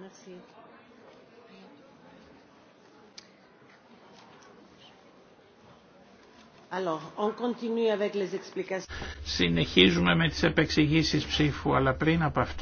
Merci. Alors, on continue avec les explications. Συνεχίζουμε με τις επεξηγήσεις ψήφου, αλλά πριν από αυτό